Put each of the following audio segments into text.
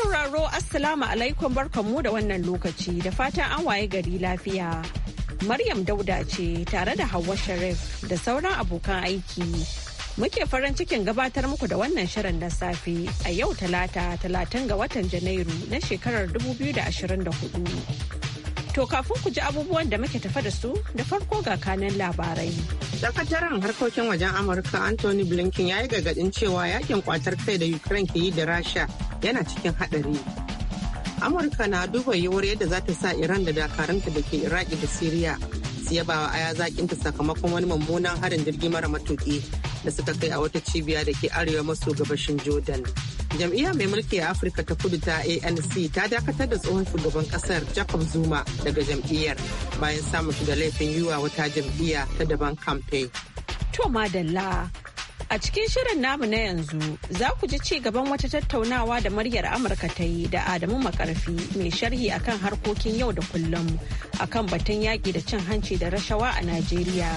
sauraro Assalamu alaikum barkanmu da wannan lokaci da fatan an waye gari lafiya. Maryam Dauda ce tare da Hauwa Sharif da sauran abokan aiki. Muke farin cikin gabatar muku da wannan shirin na safe a yau talata talatin ga watan Janairu na shekarar 2024. To kafin ku ji abubuwan da muke tafa da su da farko ga kanan labarai. Sakataren harkokin wajen Amurka Anthony Blinken ya yi gagadin cewa yakin kwatar kai da Ukraine ke yi da Rasha yana cikin haɗari. Amurka na duba yiwuwar yadda za ta sa Iran da dakarunta da ke Iraki da Siriya su yaba wa aya zaƙinta sakamakon wani mummunan harin jirgi mara matuƙi da suka kai a wata cibiya da ke arewa maso gabashin Jordan. jam'iyya mai mulki a afirka ta kudu ta anc ta dakatar da tsohon shugaban kasar jacob zuma daga jam'iyyar bayan samun da laifin yiwa wata jam'iyya ta daban kamfe to madalla a cikin shirin namu na yanzu za ku ji ci gaban wata tattaunawa da muryar amurka ta yi da adamu makarfi mai sharhi akan harkokin yau da kullum akan batun yaƙi da cin hanci da rashawa a najeriya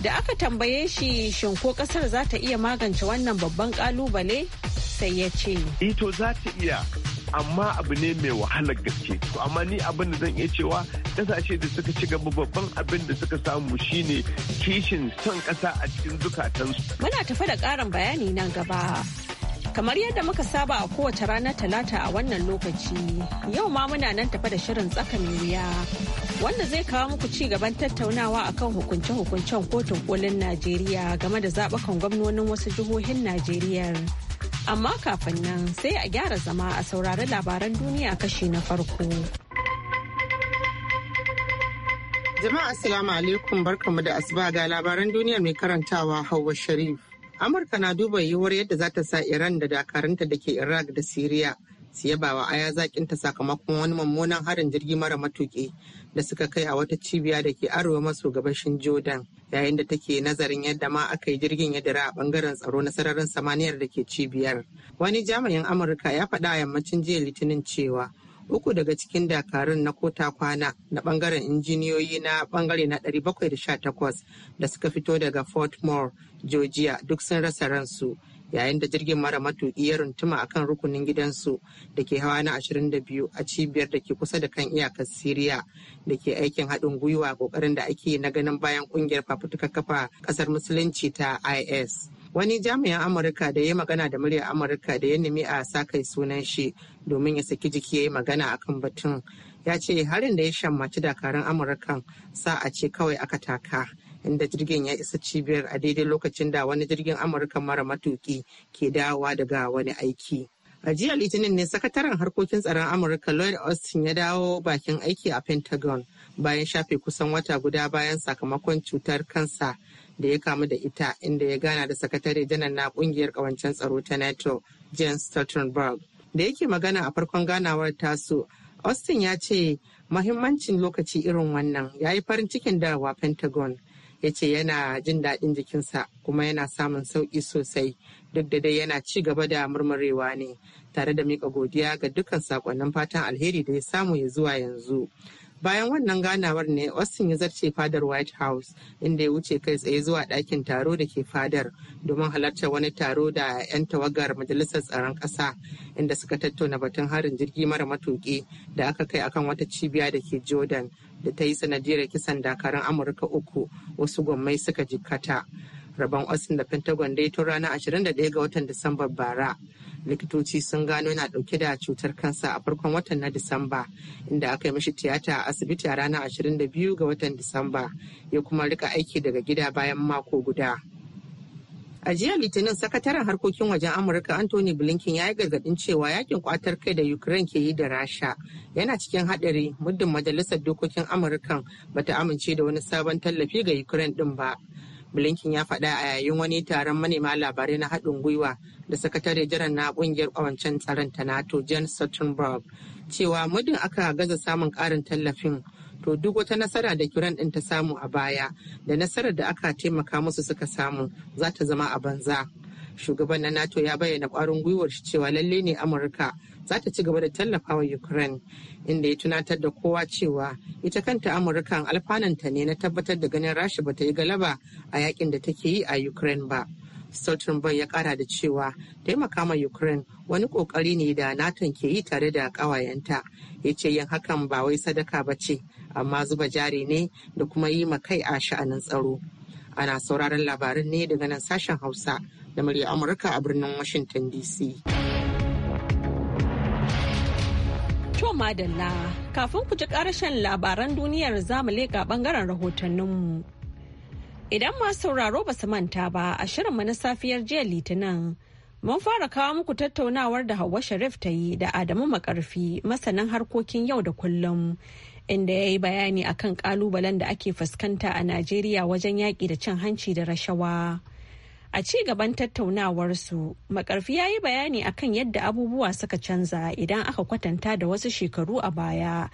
Da aka tambaye shi shin ko kasar za ta iya magance wannan babban kalubale sai ya ce. Ito eh za ta iya amma abu ne mai wahalar gaske to amma ni abin da zan iya cewa kasashe da suka ci gaba babban abin da suka samu shine kishin son kasa a cikin zukatansu. Muna tafe da karin bayani nan gaba. Kamar yadda muka saba a kowace ranar talata a wannan lokaci, yau ma muna nan tafa da shirin tsaka mai wuya. wanda zai kawo muku ci gaban tattaunawa akan hukunce-hukuncen kotun kolin Najeriya game da zaɓakan gwamnonin wasu jihohin Najeriya. Amma kafin nan sai a gyara zama a saurari labaran duniya kashi na farko. Jama'a Assalamu alaikum barkamu da asuba ga labaran duniya mai karantawa Hauwa Sharif. Amurka na duba yiwuwar yadda za ta sa Iran da dakarunta da ke Iraq da Siriya su yaba wa aya zakinta sakamakon wani mummunan harin jirgi mara matuƙi da suka kai a wata cibiya da ke arewa maso gabashin jordan yayin da take nazarin yadda ma aka yi jirgin ya dira a bangaren tsaro na sararin samaniyar da ke cibiyar wani jami'in amurka ya faɗa a yammacin jiya litinin cewa uku daga cikin dakarun na kota kwana na bangaren injiniyoyi na bangare na ɗari 718 da suka fito daga fort moore georgia duk sun rasa ransu yayin da jirgin mara matuƙi ya runtuma a kan rukunin gidansu da ke hawa na 22 a cibiyar da ke kusa da kan iyakar siriya da ke aikin haɗin gwiwa ƙoƙarin da ake na ganin bayan ƙungiyar fafutukar kafa ƙasar musulunci ta is wani jami'in amurka da ya magana da muryar amurka da ya nemi a sa kai sunan shi domin ya saki jiki ya yi magana a kan batun ya ce harin da ya shammaci dakarun amurkan sa'a ce kawai aka taka inda jirgin ya isa cibiyar a daidai lokacin da wani jirgin amurka mara matuki ke dawowa daga wani aiki a jiya litinin ne sakataren harkokin tsaron amurka lloyd austin ya dawo bakin aiki a pentagon bayan shafe kusan wata guda bayan sakamakon cutar kansa da ya kamu da ita inda ya gana da sakatare janar na kungiyar kawancen tsaro ta nato james stoltenberg da yake magana a farkon ganawar tasu austin ya ce mahimmancin lokaci irin wannan ya yi farin cikin dawa pentagon ya ce yana jin daɗin jikinsa kuma yana samun sauƙi sosai duk da dai yana ci gaba da murmurewa ne tare da miƙa godiya ga dukkan sakonnin fatan alheri da ya samu ya zuwa yanzu bayan wannan ganawar ne austin ya zarce fadar white house inda ya wuce kai tsaye zuwa ɗakin taro da ke fadar domin halartar wani taro da 'yan tawagar majalisar tsaron ƙasa inda suka tattauna batun harin jirgi mara matuƙi da aka kai akan wata cibiya da ke jordan da ta yi sanadiyar kisan dakarun amurka uku wasu gwammai suka jikata rabon austin da pentagon dai tun ranar 21 ga watan disamba bara likitoci sun gano yana dauke da cutar kansa a farkon watan na disamba inda aka yi mishi tiyata a asibiti a ranar 22 ga watan disamba ya kuma rika aiki daga gida bayan mako guda A jiya Litinin sakataren harkokin wajen Amurka Anthony Blinken ya yi gargadin cewa yakin kwatar kai da Ukraine ke yi da Rasha yana cikin haɗari muddin majalisar dokokin Amurkan bata amince da wani sabon tallafi ga Ukraine din ba. Blinken ya faɗa a yayin wani taron manema labarai na haɗin gwiwa da sakatare jiran na ƙungiyar kwawancen tsaron ta NATO Jen Stoltenberg cewa muddin aka gaza samun ƙarin tallafin to duk wata nasara da kiran ɗin ta samu a baya da nasarar da aka taimaka musu suka samu za ta zama a banza shugaban na nato ya bayyana kwarin gwiwar shi cewa lalle ne amurka za ta ci gaba da tallafa wa ukraine inda ya tunatar da kowa cewa ita kanta amurkan alfananta ne na tabbatar da ganin rasha ta yi galaba a yakin da take yi a ukraine ba Stoltenberg ya kara da cewa taimaka ma Ukraine wani kokari ne da NATO ke yi tare da ƙawayenta. Ya ce yin hakan ba wai sadaka ba ce, amma zuba jari ne da kuma yi ma kai a sha'anin tsaro. Ana sauraron labarin ne daga nan sashen Hausa da murya Amurka a birnin Washington DC. madalla, kafin ku ji ƙarshen labaran duniyar zamu leƙa ɓangaren rahotanninmu. Idan masu sauraro ba su manta ba a shirinmu na safiyar jiya Litinin. Mun fara kawo muku tattaunawar da Hauwa Sharif ta yi da Adamu Makarfi masanin harkokin yau da kullum inda ya yi bayani akan kalubalen da ake fuskanta a Najeriya wajen yaƙi da cin hanci da rashawa. A ci gaban tattaunawarsu, Makarfi ya yi bayani akan yadda abubuwa suka canza idan aka kwatanta da wasu shekaru a baya,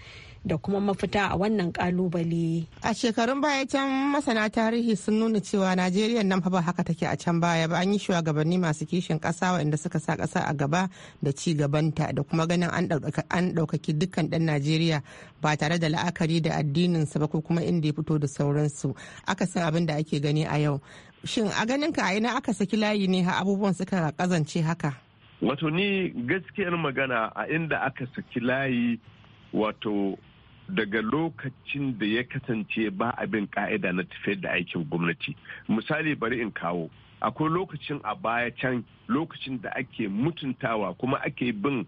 da kuma mafita a wannan kalubale. A shekarun baya can masana tarihi sun nuna cewa Najeriya nan fa ba haka take a can baya ba an yi shugabanni masu kishin ƙasa waɗanda suka sa kasa a gaba da ci gabanta da kuma ganin an ɗaukaki dukkan dan Najeriya ba tare da la'akari da addininsa ba ko kuma inda ya fito da sauransu akasin abin da ake gani a yau. Shin a ganin ka a ina aka saki layi ne ha abubuwan suka kazance haka? Wato ni gaskiyar magana a inda aka saki layi wato daga lokacin da ya kasance ba abin ka'ida na tafiyar da aikin gwamnati misali bari in kawo akwai lokacin a baya can lokacin da ake mutuntawa kuma ake bin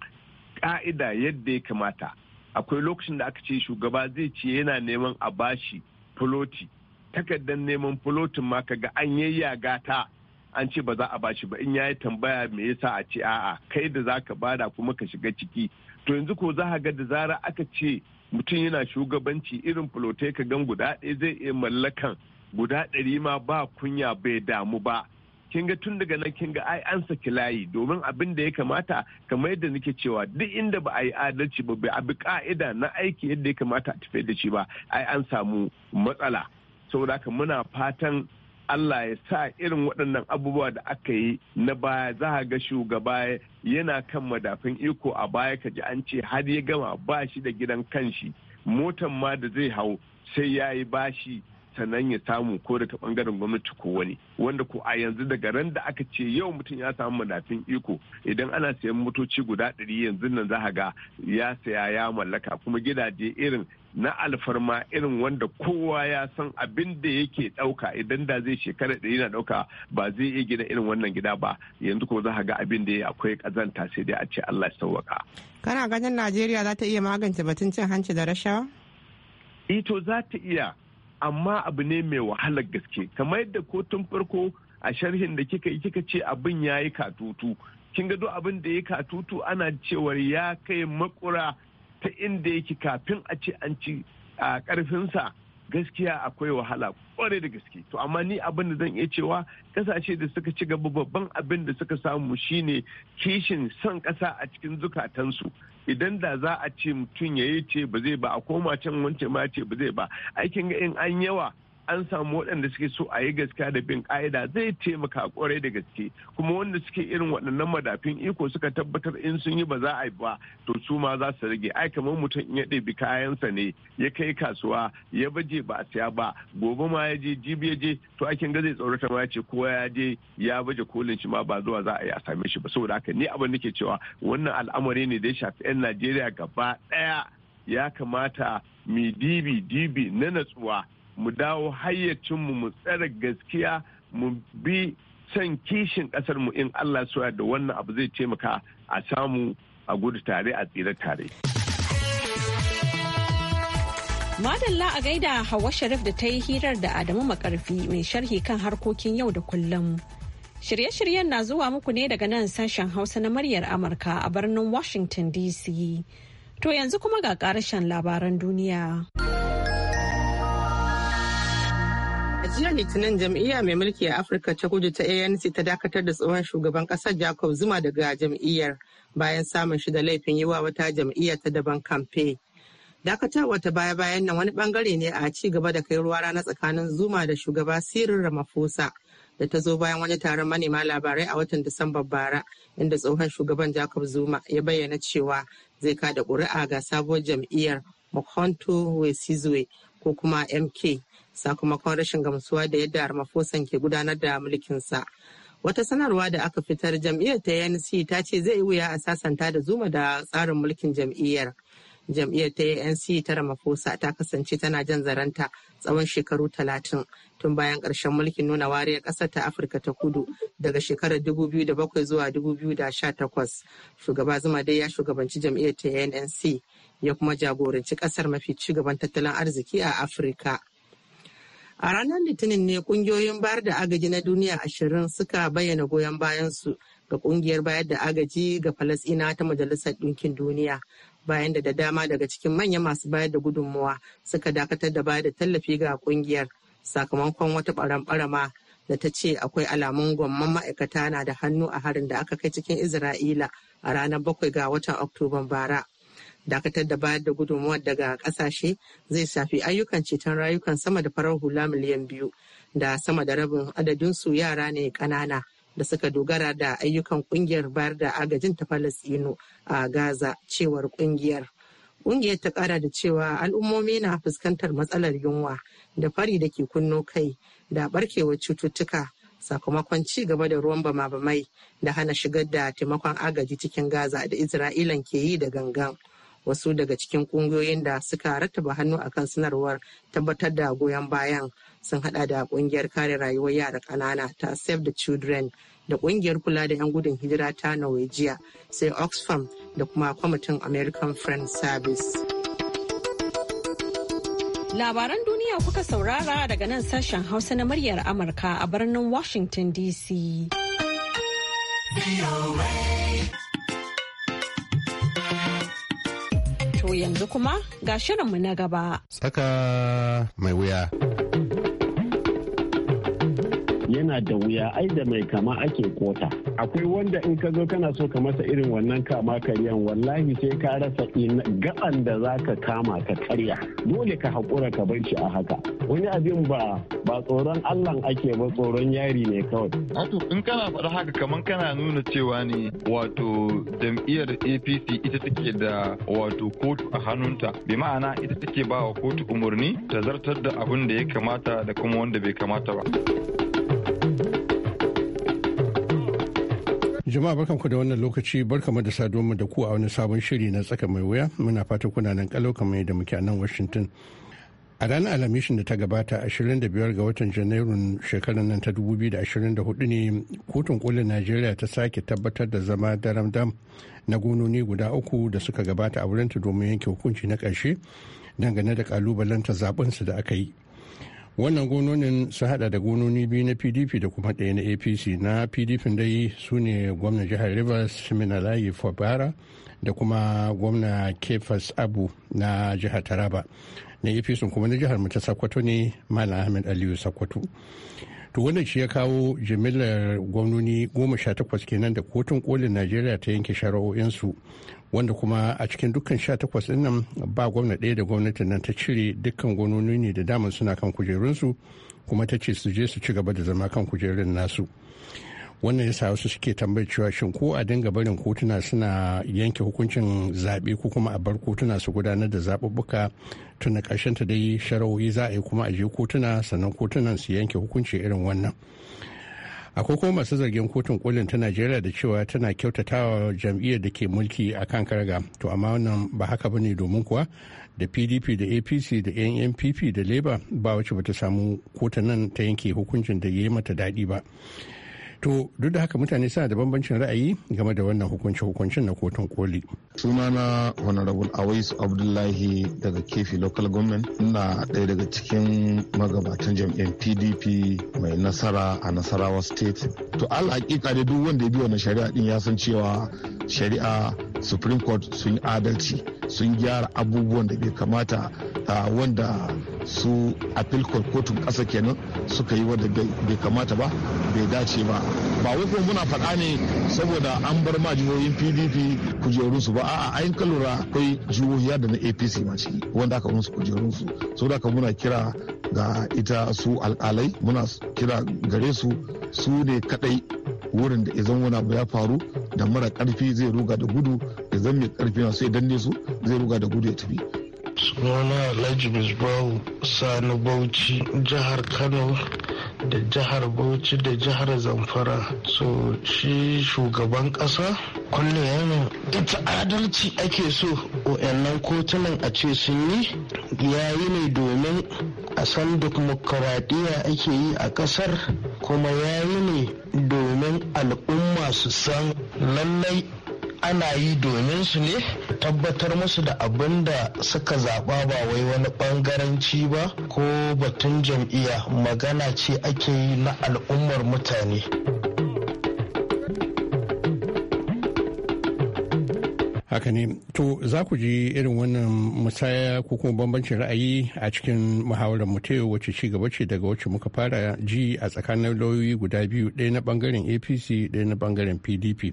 ka'ida yadda ya kamata akwai lokacin da aka ce shugaba zai ce yana neman a bashi filoti takardar neman filotin ma kaga an yayyaga gata an ce ba za a bashi ba in yayi tambaya me yasa a ce a'a kai da zaka bada kuma ka shiga ciki to yanzu ko za ga da zara aka ce mutum yana shugabanci irin fulotai ka gan guda ɗaya zai iya mallakan guda ɗari ma ba kunya bai damu ba kin ga tun daga nan kin ga ai an saki layi domin abin da ya kamata kamar yadda nake cewa duk inda ba a yi adalci ba bai abi ka'ida na aiki yadda ya kamata a tafi da shi ba ai an samu matsala saboda haka muna fatan Allah ya sa irin waɗannan abubuwa da aka yi na baya za ga shugaba yana kan madafin iko a baya ka ji an ce har ya gama ba shi da gidan kanshi motan ma da zai hau sai ya yi bashi sannan ya samu ko daga bangaren gwamnati ko wani wanda ko a yanzu daga ran da aka ce yau mutum ya samu madafin iko idan ana sayan motoci guda ɗari yanzu nan za ga ya saya ya mallaka kuma gidaje irin na alfarma irin wanda kowa ya san abin da yake ɗauka idan da zai shekara ɗari na ɗauka ba zai iya gina irin wannan gida ba yanzu ko za ga abin da ya akwai kazanta sai dai a ce Allah ya sauwaka. Kana ganin Najeriya za ta iya magance batun cin hanci da rashawa? Ito e, za ta iya amma abu ne mai wahalar gaske kamar yadda ko tun farko a sharhin da kika yi kika ce abin yayi katutu kin ga duk abin da ya katutu ana cewar ya kai makura ta inda yake kafin a ce an ci a karfinsa gaskiya akwai wahala kware da gaske to amma ni abin da zan iya cewa kasashe da suka ci gaba babban abin da suka samu shine kishin son kasa a cikin zukatansu idan da za a ce mutum ya yi ce ba zai ba a koma can wance ma ce ba zai ba aikin ga in an yawa an samu waɗanda suke so a yi gaskiya da bin ƙa'ida zai taimaka kwarai da gaske kuma wanda suke irin waɗannan madafin iko suka tabbatar in sun yi ba za a yi ba to su ma za su rage ai kamar mutum in ya ɗebi kayansa ne ya kai kasuwa ya baje ba a siya ba gobe ma ya je jibi ya je to a ga zai tsorata ma ya ce kowa ya je ya baje kolin shi ma ba zuwa za a yi a same shi ba saboda haka ni abin nake cewa wannan al'amari ne da ya shafi 'yan Najeriya gaba ɗaya ya kamata mi dibi dibi na natsuwa mu dawo hayyacinmu mu tsare gaskiya mu bi son kishin mu in Allah suwa da wannan abu zai taimaka a samu a gudu tare a tsira tare. Madalla a gaida Hawa Sharif da ta yi hirar da Adamu Makarfi mai sharhi kan harkokin yau da kullum. Shirye-shiryen na zuwa muku ne daga nan sashen Hausa na muryar Amurka a birnin Washington DC. To yanzu kuma ga ƙarashen labaran duniya. jiya litinin jam'iyya mai mulki a afirka ta kudu ta anc ta dakatar da tsohon shugaban kasar jacob zuma daga jam'iyyar bayan samun shi da laifin yi wa wata jam'iyya ta daban kamfe dakatarwa wata baya bayan nan wani bangare ne a ci gaba da kai ruwa rana tsakanin zuma da shugaba sirrin ramaphosa da ta zo bayan wani taron manema labarai a watan disambar bara inda tsohon shugaban jacob zuma ya bayyana cewa zai kada ƙuri'a ga sabuwar jam'iyyar mokonto wesizwe ko kuma mk sakamakon rashin gamsuwa da yadda armafosan ke gudanar da mulkinsa wata sanarwa da aka fitar jam'iyyar ta anc ta ce zai yi wuya a sasanta da zuma da tsarin mulkin jam'iyyar jam'iyyar ta anc ta ramaphosa ta kasance tana jan zaranta tsawon shekaru talatin tun bayan ƙarshen mulkin nuna wariyar ƙasar ta afirka ta kudu daga shekarar 2007 zuwa 2018 shugaba zuma dai ya shugabanci jam'iyyar ta anc ya kuma jagoranci kasar mafi ci gaban tattalin arziki a afirka a ranar litinin ne kungiyoyin bayar da agaji na duniya ashirin suka bayyana goyon bayansu ga kungiyar bayar da agaji ga falasina ta majalisar ɗinkin duniya bayan da da dama daga cikin manyan masu bayar da gudunmuwa suka dakatar da bayar da tallafi ga kungiyar sakamakon wata ɓaramɓarama da ta ce akwai alamun gwamman ma'aikata na da hannu a harin da aka kai cikin isra'ila a ranar bakwai ga watan oktoban bara dakatar da bayar da gudunmuwa daga kasashe zai shafi ayyukan ceton rayukan sama da farar hula miliyan biyu da sama da rabin adadinsu yara ne kanana da suka dogara da ayyukan kungiyar bayar da agajin ta Falasɗinu a Gaza cewar kungiyar. Kungiyar ta kara da cewa al'ummomi na fuskantar matsalar yunwa da fari da ke kunno kai da barkewar cututtuka sakamakon ci gaba da ruwan bama-bamai da hana shigar da taimakon agaji cikin Gaza da Isra'ilan ke yi da gangan. wasu daga cikin kungiyoyin da suka rattaba hannu a kan sanarwar tabbatar da goyon bayan sun hada da kungiyar kare rayuwar yara kanana ta save the children da kungiyar kula da 'yan gudun hijira ta norwegia sai oxfam da kuma kwamitin american friends service labaran duniya kuka saurara daga nan sashen hausa na muryar amurka a birnin washington dc yanzu kuma ga shirinmu na gaba. Saka mai wuya. yana da wuya ai da mai kama ake kota akwai wanda in ka zo kana so ka masa irin wannan kama karyan wallahi sai ka rasa gaban da za ka kama ka karya dole ka haƙura ka bar shi a haka wani abin ba ba tsoron allah ake ba tsoron yari ne kawai wato in kana faɗa haka kamar kana nuna cewa ne wato jam'iyyar apc ita take da wato kotu a hannunta bi ma'ana ita take ba wa kotu umarni ta zartar da abin da ya kamata da kuma wanda bai kamata ba. Jama'a ku da wannan lokaci mu da mu da ku a wani sabon shiri na tsaka mai wuya muna fata kuna nan kalau kamar yadda muke a nan Washington. A ranar alamishin da ta gabata 25 ga watan Janairun shekarar nan ta 2024 ne kotun kolin Najeriya ta sake tabbatar da zama daram-dam na gononi guda uku da suka gabata a wurinta domin yanke hukunci na karshe dangane da kalubalen ta su da aka yi. wannan gononin su hada da gononi biyu na pdp da kuma ɗaya na apc na pdp dai su ne gwamnan jihar rivers minalayi fabara da kuma gwamna kefas abu na jihar taraba na apc kuma na jihar ta sakwato ne malam ahmed aliyu sakwato to wannan shi ya kawo jimillar gwamnoni goma sha takwas kenan da kotun kolin najeriya ta yanke shari'o'insu wanda kuma a cikin dukkan takwas din nan ba gwamna ɗaya da gwamnatin nan ta cire dukkan gononi ne da daman suna kan kujerunsu kuma ta ce su je su ci gaba da zama kan kujerun nasu wannan yasa wasu suke tambayar cewa shin ko a dinga barin kotuna suna yanke hukuncin zaɓe ko kuma a bar kotuna su gudanar da zaɓuɓɓuka tun da ƙarshen ta dai sharawoyi za a yi kuma a je kotuna sannan kotunan su yanke hukunci irin wannan akwai kuma masu zargin kotun kolin ta najeriya da cewa tana kyautatawa jam'iyyar da ke mulki a kan karga to amma wannan ba haka ba ne domin kuwa da pdp da apc da nnpp da labour ba wacce ba ta samu kotunan nan ta yanke hukuncin da ya yi mata daɗi ba to duk da haka mutane suna da bambancin ra'ayi game da wannan hukunci hukuncin na kotun koli Suna sunana honorable awais abdullahi daga kefi local government ina daya daga cikin magabatan jam'iyyar pdp mai nasara a nasarawa state to al hakika da duk wanda ya bi wannan shari'a din ya san cewa shari'a supreme court sun yi adalci sun gyara abubuwan da bai kamata wanda su a court kotun ƙasa kenan suka yi wanda bai kamata ba bai dace ba ba wai muna faɗa ne saboda an bar ma jihohin pdp kujerunsu ba a ayin ka akwai jihohiya da na apc ma ciki wanda aka musu kujerunsu so haka muna kira ga ita su alkalai muna kira gare su su ne kadai wurin da izan wani abu ya faru da mara karfi zai ruga da gudu izan mai karfi na idan ne su zai ruga da gudu ya tafi sunana alhaji misbahu sani bauchi jihar kano da jihar bauchi da jihar zamfara so shi shugaban kasa? kullum yana ita adalci ake so wayannan kotunan a ce sun yi ya yi ne domin a san dimokuraɗiyya ake yi a ƙasar kuma ya yi ne domin al'umma su san lallai ana yi domin su ne tabbatar musu da abin da suka zaɓa ba wai wani ɓangaranci ba ko batun jam'iyya magana ce ake yi na al'ummar mutane. haka ne to za ku ji irin wannan musaya ko kuma bambancin ra'ayi a cikin muhawarar muteo wacce ci gaba ce daga wacce muka fara ji a tsakanin lauyoyi guda biyu ɗaya na bangaren apc ɗaya na bangaren pdp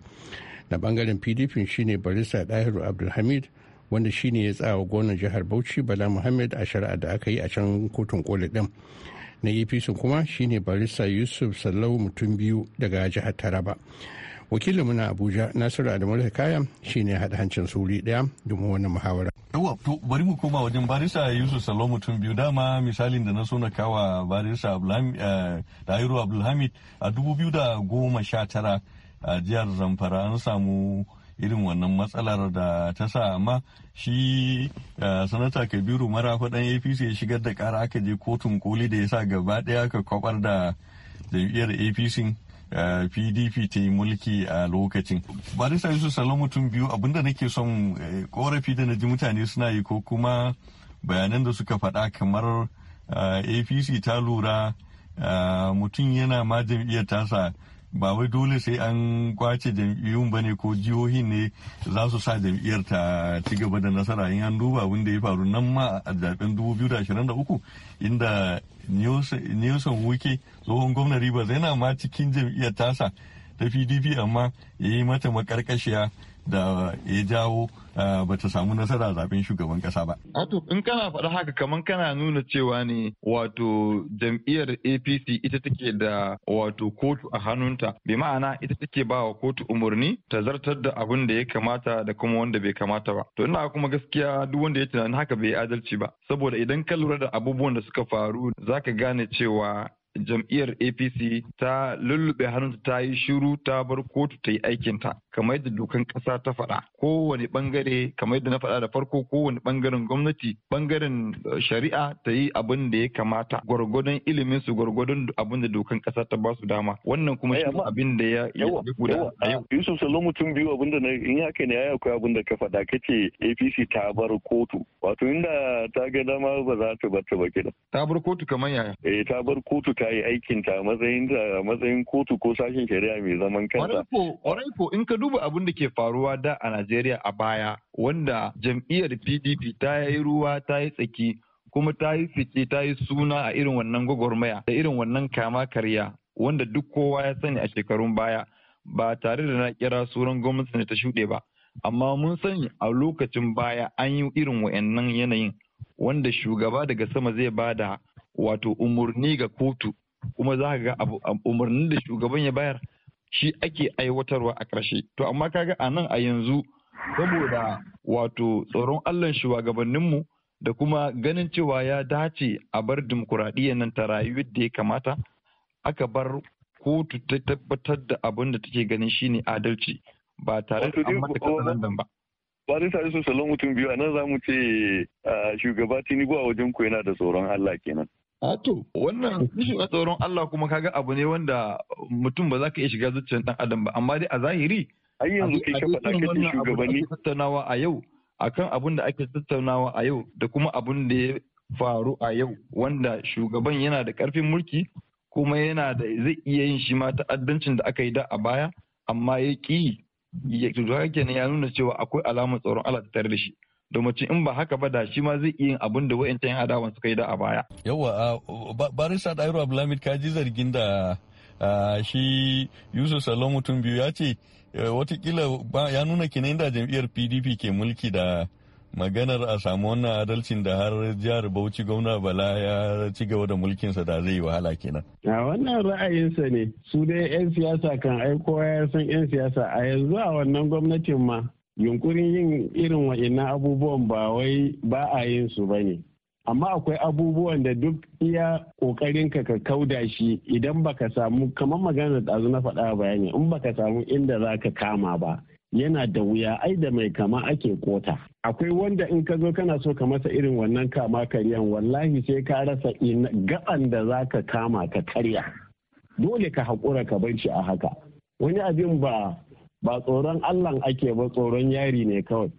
na bangaren pdp shine barista dahiru abdulhamid wanda shine ya tsawa gwamnan jihar bauchi bala muhammad a shari'a da aka yi a can kotun koli din na apc kuma shine barista yusuf sallau mutum biyu daga jihar taraba wakilin na abuja nasiru adamu kaya shine haɗa hancin suri ɗaya domin wannan muhawara yawa to bari mu koma wajen barisa yusuf salo mutum biyu dama misalin da na so na kawa barisa eh, dahiru abdulhamid a dubu biyu da goma sha tara a jihar zamfara an samu irin wannan matsalar da ta sa amma shi sanata kabiru marafa dan apc ya shigar da kara aka je kotun koli da ya sa gaba daya aka kwabar da jam'iyyar apc pdp ta yi mulki a lokacin sa yusuf salon mutum biyu abinda nake son korafi eh, da na ji mutane suna yi ko kuma bayanan da suka faɗa kamar apc ta lura mutum yana ma jam'iyyar tasa ba wai dole sai an kwace jam'iyyun ba ne ko jihohi ne za su sa jam'iyyar ta ci gaba da nasara in an duba abin da ya faru nan ma a zaben 2023 inda Nelson Wuke tsohon gwamnan zai na ma cikin jam'iyyar tasa ta PDP amma ya yi mata makarkashiya da ya jawo ba ta samu nasara zaben shugaban kasa ba. Wato in kana faɗa haka kamar kana nuna cewa ne wato jam'iyyar APC ita take da wato kotu a hannunta bi ma'ana ita take ba wa kotu umarni ta zartar da abin da ya kamata da kuma wanda bai kamata ba. To ina kuma gaskiya duk wanda ya tunanin haka bai adalci ba saboda idan ka lura da abubuwan da suka faru zaka gane cewa jam'iyyar apc ta lullube hannunta ta yi shiru ta bar kotu ta yi aikinta kamar yadda dokan ƙasa ta faɗa kowane bangare kamar yadda na faɗa da farko kowane bangaren gwamnati bangaren eh, shari'a ta yi abin da ya kamata gwargwadon ilimin su gwargwadon abin da dokan ƙasa ta ba su dama wannan kuma eh, shi abin da ya guda a yau Yusuf Salomu tun biyu abin da in haka ne ya akwai abin da ka faɗa kace APC ta bar kotu wato inda ta ga dama ba za ta bar ta ba kidan ta bar kotu kamar yaya eh ta bar kotu ta yi aikin ta matsayin ta matsayin kotu ko sashen shari'a mai zaman kanta ko in ka duba abin da ke faruwa da a Najeriya a baya wanda jam'iyyar PDP ta yi ruwa ta yi tsaki kuma ta yi fice ta yi suna a irin wannan gwagwarmaya da irin wannan kama karya wanda duk kowa ya sani a shekarun baya ba tare da na kira suran gwamnati ta shuɗe ba amma mun sani a lokacin baya an yi irin wayannan yanayin wanda shugaba daga sama zai bada wato umarni ga kotu kuma za ga umarnin da shugaban ya bayar shi ake aiwatarwa a ƙarshe to amma kaga a nan a yanzu saboda wato tsoron allah shugabanninmu da kuma ganin cewa ya dace a bar dimokuraɗiyyar nan ta rayu da ya kamata aka bar kotu ta tabbatar da abin da take ganin shine adalci ba tare da an ba. Bari tare su salon mutum biyu a nan za mu ce shugaba Tinubu a wajen ku yana da tsoron Allah kenan. A ah, wannan shiga tsoron Allah kuma ka ga abu ne wanda mutum ba za ka iya shiga zuciyar ɗan adam ba, amma dai a zahiri. Ai yanzu kai shafa shugabanni. Tattaunawa a yau, akan abun da ake tattaunawa a yau da kuma abun da ya faru a yau wanda shugaban yana da karfin mulki kuma yana da zai iya yin shi ma ta'addancin da aka yi da a baya amma ya ki ya kenan ya nuna cewa akwai alamar tsoron Allah tare da shi. mutum in ba haka ba da shi ma zai iya yin abin da wa'ancan yan adawan suka yi da a baya. Yawa barista Dairu Abdulhamid ka ji zargin da shi Yusuf Salon mutum biyu ya ce e, watakila ya nuna kenan da jam'iyyar PDP ke mulki da maganar a samu wannan adalcin da har jihar Bauchi gwamna Bala ya ci gaba da mulkinsa da zai yi wahala kenan. A wannan ra'ayinsa ne su dai 'yan siyasa kan aiko ya san 'yan siyasa a yanzu a wannan gwamnatin ma yunkurin yin irin wa'ina abubuwan ba wai ba a yin su ba ne amma akwai abubuwan da duk iya kokarin ka kauda shi idan baka samu kamar magana da na faɗa bayani in baka samu inda za ka kama ba yana da wuya ai da mai kama ake kota akwai wanda in ka zo kana so ka masa irin wannan kama karyan wallahi sai ka rasa gaban da za ka kama ka karya dole ka haƙura ka bar a haka wani abin ba ba tsoron allah ake ba tsoron yari ne kawai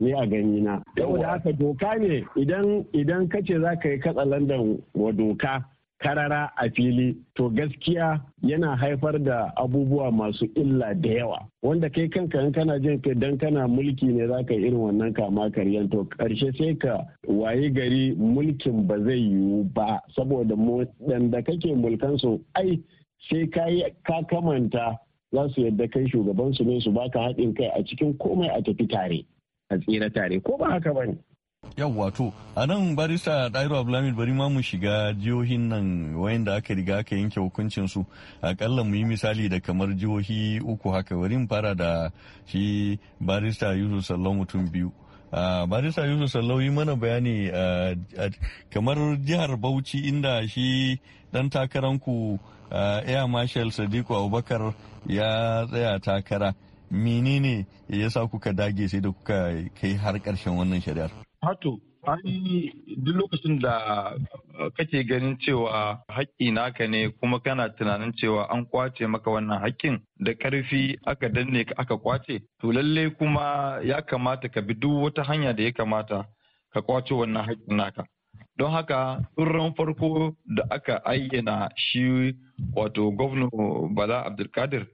ni a gani na saboda haka doka ne idan idan kace za ka yi katsalandan wa doka karara a fili to gaskiya yana haifar da abubuwa masu illa da yawa wanda kai kanka in kana jin kai dan kana mulki ne za ka irin wannan kama karyan to karshe sai ka waye gari mulkin ba zai yiwu ba saboda da kake mulkansu ai sai ka kamanta za su yadda kai shugaban su ne su baka haɗin kai a cikin komai a tafi tare a tsira tare ko ba haka bane yau wato a nan barista ɗairu abdulhamid bari ma mu shiga jihohin nan wayanda aka riga aka yanke hukuncin su akalla mu yi misali da kamar jihohi uku haka bari mu fara da shi barista yusuf sallon mutum biyu barista yusuf sallau yi mana bayani kamar jihar bauchi inda shi dan takaranku air marshal sadiku abubakar ya tsaya takara menene ya sa kuka dage sai da kuka kai har karshen wannan shari'ar hato ai duk lokacin da uh, kake ganin cewa haƙƙi naka ne kuma kana tunanin cewa an kwace maka wannan haƙƙin da ƙarfi aka danne aka kwace to lalle kuma ya kamata ka bi duk wata hanya da ya kamata ka kwace wannan haƙƙin naka don haka tsurran farko da aka ayyana shi wato gwamna bala abdulkadir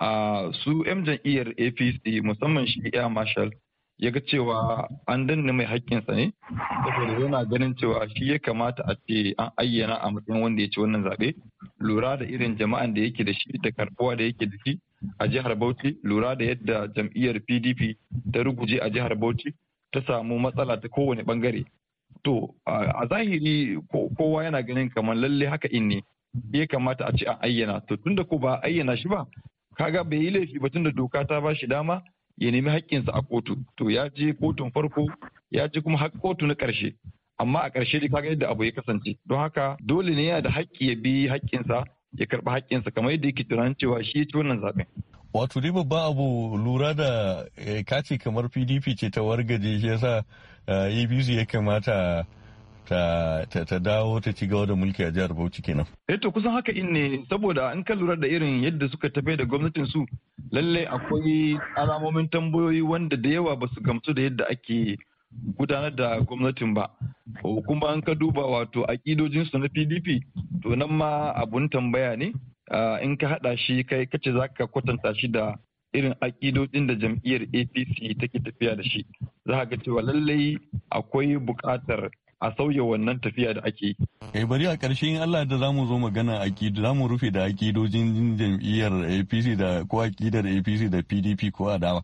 uh, a su 'yan jam'iyyar apc musamman shi air marshal ya ga cewa an danne mai haƙƙin sa ne saboda yana ganin cewa shi ya kamata a ce an ayyana a matsayin wanda ya ci wannan zaɓe lura da irin jama'an da yake da shi da karɓuwa da yake da shi a jihar Bauchi lura da yadda jam'iyyar PDP ta ruguje a jihar Bauchi ta samu matsala ta kowane bangare to a zahiri kowa yana ganin kamar lalle haka in ne ya kamata a ce an ayyana to tunda ko ba ayyana shi ba kaga bai yi laifi ba tunda doka ta ba shi dama ya nemi haƙƙinsa a kotu to ya je kotun farko ya je kuma har kotu na ƙarshe amma a ƙarshe dai kaga yadda abu ya kasance don haka dole ne yana da haƙƙi ya bi haƙƙinsa ya karɓi haƙƙinsa kamar yadda yake tunanin cewa shi ya ci wannan zaɓen. wato dai babban abu lura da eh, kati kamar pdp ce ta wargaje shi yasa eh, abc ya kamata ta, ta, dawo ta ci gaba da mulki a jihar Bauchi kenan. Eh to kusan haka in ne saboda an ka lura da irin yadda suka tafi da gwamnatin su lalle akwai alamomin tambayoyi wanda da yawa ba su gamsu da yadda ake gudanar da gwamnatin ba. Kuma an ka duba wato aƙidojin su na PDP to nan ma abun tambaya ne in ka haɗa shi kai kace za ka kwatanta shi da irin aƙidodin da jam'iyyar apc take tafiya da shi za ga cewa lallai akwai buƙatar a sauya wannan tafiya da ake yi. Eh bari a ƙarshe in Allah da zamu zo magana za zamu rufe da aƙidojin jam'iyyar APC da ko aƙidar APC da PDP ko a dama.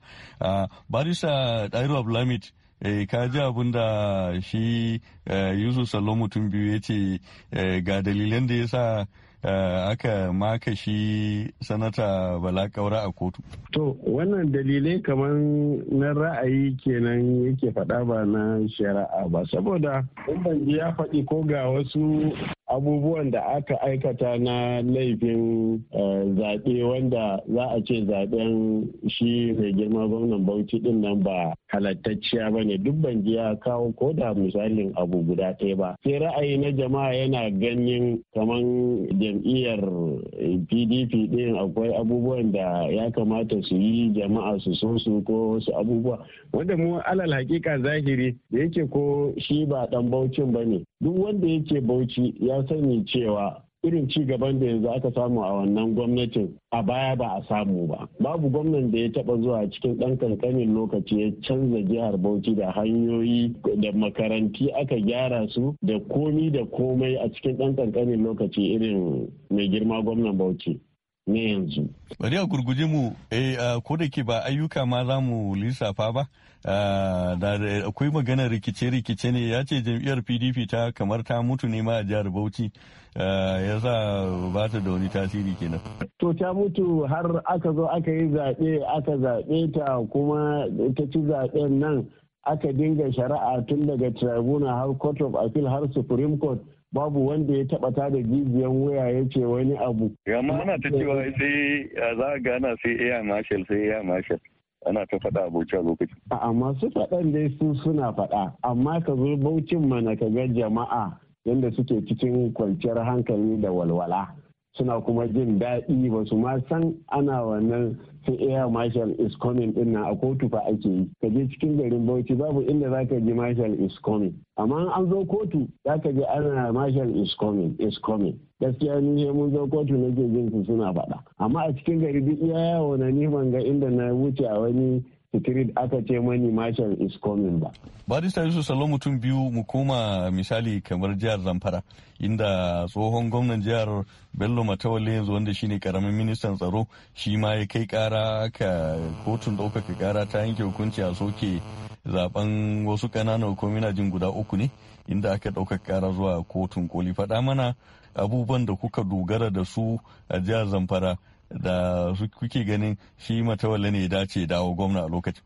Barista Dairu Abdulhamid eh, ka ji abin da shi eh, Yusuf Salomu biyu ya ce eh, ga dalilan da ya sa Eh, aka maka shi sanata bala kaura a kotu to wannan dalilai kamar na ra'ayi kenan yake faɗa ba na shari'a ba saboda in ban ya faɗi ko ga wasu abubuwan da aka aikata na laifin eh, zaɓe wanda za a ce zaɓen shi mai girma gwamnan bauchi din nan ba halattacciya ba ne duk ban ji ya kawo ko da misalin abu guda ɗaya ba sai ra'ayi na jama'a yana ganin kaman jam'iyyar pdp ɗin akwai abubuwan da ya kamata su yi jama'a su so su ko su abubuwa wanda mu alal hakika zahiri da yake ko shi ba ɗan baucin ba ne duk wanda yake bauchi ya sani cewa irin ci gaban da yanzu aka samu a wannan gwamnatin a baya ba a samu ba babu gwamnan da ya taba zuwa cikin dan kankanin lokaci ya canza jihar bauchi da hanyoyi da makaranti aka gyara su da komi da komai a cikin dan kankanin lokaci irin mai girma gwamnan bauchi ne yanzu. Bari a gurguje mu eh, ko da ke ba ayyuka ma za mu lissafa ba. akwai magana rikice-rikice ne ya ce jam'iyyar pdp ta kamar ta mutu ne ma a jihar bauchi ya sa ba ta da wani tasiri kenan. to ta mutu har aka zo aka yi zaɓe aka zaɓe ta kuma ta ci zaɓen nan aka dinga shari'a tun daga tribunal har court of appeal har supreme court babu wanda ya taba ta da jijiyan waya ya ce wani abu. Yamma ana ta cewa sai za a gana sai iya marshal sai iya marshal. Ana ta faɗa abuci a lokaci. A'a masu faɗan dai su suna faɗa amma ka zo baucin mana ka ga jama'a yadda suke cikin kwanciyar hankali da walwala. suna kuma jin daɗi ba su ma san ana wannan sai air marshal is coming din nan a kotu fa ake yi ka je cikin garin bauchi babu inda za ka ji marshal is coming amma an zo kotu za ka ji ana marshal is coming is coming gaskiya ni ne mun zo kotu na jin su suna faɗa amma a cikin gari duk iya yawo na ni ban ga inda na wuce a wani street aka ce mani marshal is coming ba. Barista Yusuf Salo mutum biyu mu koma misali kamar jihar Zamfara inda tsohon gwamnan jihar Bello Matawalle yanzu wanda shine karamin ministan tsaro shi ma ya kai kara ka kotun ɗaukaka kara ta yanke hukunci a soke zaben wasu ƙananan hukumina jin guda uku ne inda aka ɗaukaka kara zuwa kotun koli faɗa mana abubuwan da kuka dogara da su a jihar Zamfara da kuke ganin shi matawalle ne ya dace dawo gwamna a lokacin.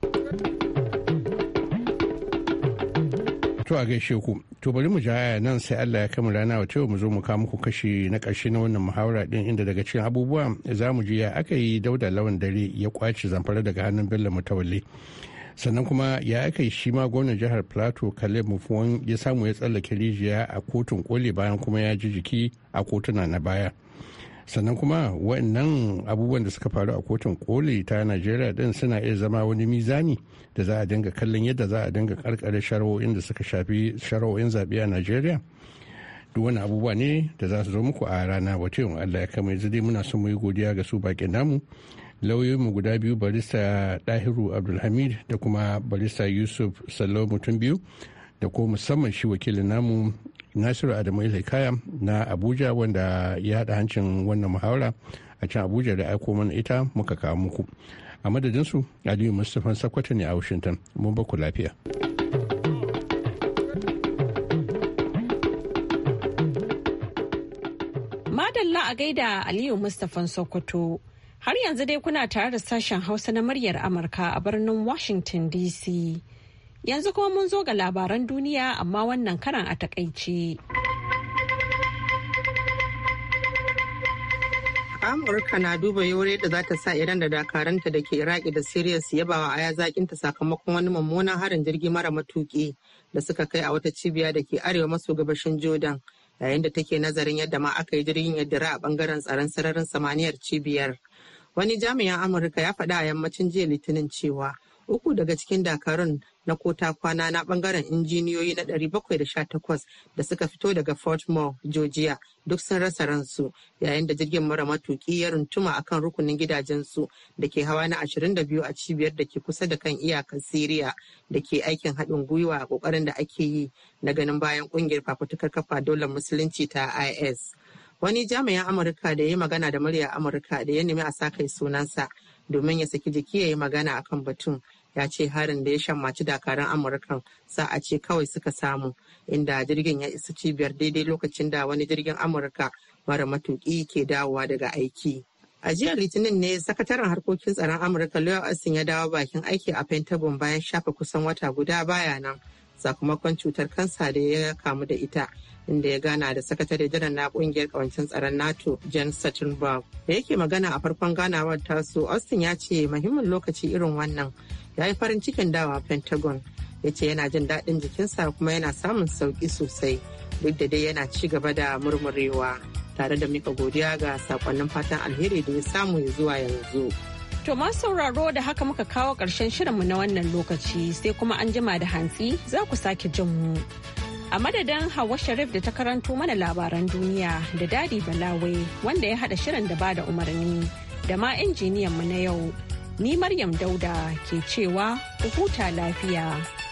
To a gaishe ku, to bari mu jaya nan sai Allah ya kama rana wa mu zo mu kawo muku kashi na ƙarshe na wannan muhawara din inda daga cikin abubuwa za mu ji ya aka yi dauda lawan dare ya kwace zamfara daga hannun Bello Mutawalle. Sannan kuma ya aka yi shi ma gwamnan jihar Plateau Caleb Mufuwan ya samu ya tsallake rijiya a kotun koli bayan kuma ya ji jiki a kotuna na baya. sannan kuma wannan abubuwan da suka faru a kotun koli ta najeriya din suna iya zama wani mizani da za a dinga kallon yadda za a dinga karkare shari'o'in da suka shafi shari'o'in zaɓe a najeriya duk wani abubuwa ne da za su zo muku a rana wata yin allah ya kama yanzu dai muna son mu yi godiya ga su baƙin namu lauyoyinmu guda biyu barista dahiru abdulhamid da kuma barista yusuf salo mutum biyu da ko musamman shi wakilin namu nasiru adamu kaya na abuja wanda ya haɗa hancin wannan muhawara a can abuja da aiko mana ita muka kawo muku a madadinsu aliyu mustapha sakwata ne a washington mun baku lafiya madalla a gaida aliyu mustapha sokoto har yanzu dai kuna tare da sashen hausa na muryar amurka a birnin washington dc Yanzu kuma mun zo ga labaran duniya amma wannan karan a takaice. Amurka na duba yore da za ta sa Iran da dakaranta da ke Iraki da Siriya su yaba wa aya zakinta sakamakon wani mummunan harin jirgi mara matuki da suka kai a wata cibiya da ke arewa maso gabashin Jordan yayin da take nazarin yadda ma aka yi jirgin yaddara a bangaren tsaron sararin samaniyar cibiyar. Wani jami'an Amurka ya faɗa a yammacin jiya Litinin cewa uku daga cikin dakarun na kota kwana na bangaren injiniyoyi na 718 da suka fito daga fort moore georgia duk sun rasa ransu yayin da jirgin mara matuki ya runtuma a kan rukunin gidajensu da ke hawa na 22 a cibiyar da ke kusa da kan iyakar syria da ke aikin haɗin gwiwa a ƙoƙarin da ake yi na ganin bayan ƙungiyar fafutukar kafa dole musulunci ta is wani jami'in amurka da ya yi magana da murya amurka da ya nemi a sa kai sunansa domin ya saki jiki ya yi magana akan batun ya ce harin da ya shammaci dakarun amurkan sa'a a ce kawai suka samu inda jirgin ya isa cibiyar daidai lokacin da wani jirgin amurka mara matuki ke dawowa daga aiki a jiya litinin ne sakataren harkokin tsaron amurka leo asin ya dawo bakin aiki a pentagon bayan shafe kusan wata guda baya nan sakamakon cutar kansa da ya kamu da ita inda ya gana da sakatare janar na kungiyar kawancin tsaron nato jan stoltenberg da yake magana a farkon ganawar tasu austin ya ce muhimmin lokaci irin wannan ya yi farin cikin dawa pentagon ya ce yana jin daɗin jikinsa kuma yana samun sauki sosai duk da dai yana ci gaba da murmurewa tare da mika godiya ga sakonnin fatan alheri da ya samu ya zuwa yanzu. To ma sauraro da haka muka kawo ƙarshen shirinmu na wannan lokaci sai kuma an jima da hantsi za ku sake jin mu. A madadin Hawa Sharif da ta karanto mana labaran duniya da Dadi Balawe wanda ya haɗa shirin da ba da umarni da ma injiniyan mu na yau. Ni Maryam Dauda ke cewa ku huta lafiya.